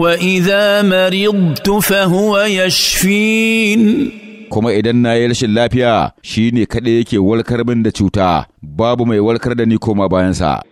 واذا مرضت فهو يشفين kuma idan na yi rashin lafiya shi ne kaɗai yake walkar min da cuta babu mai walkar da ni koma bayansa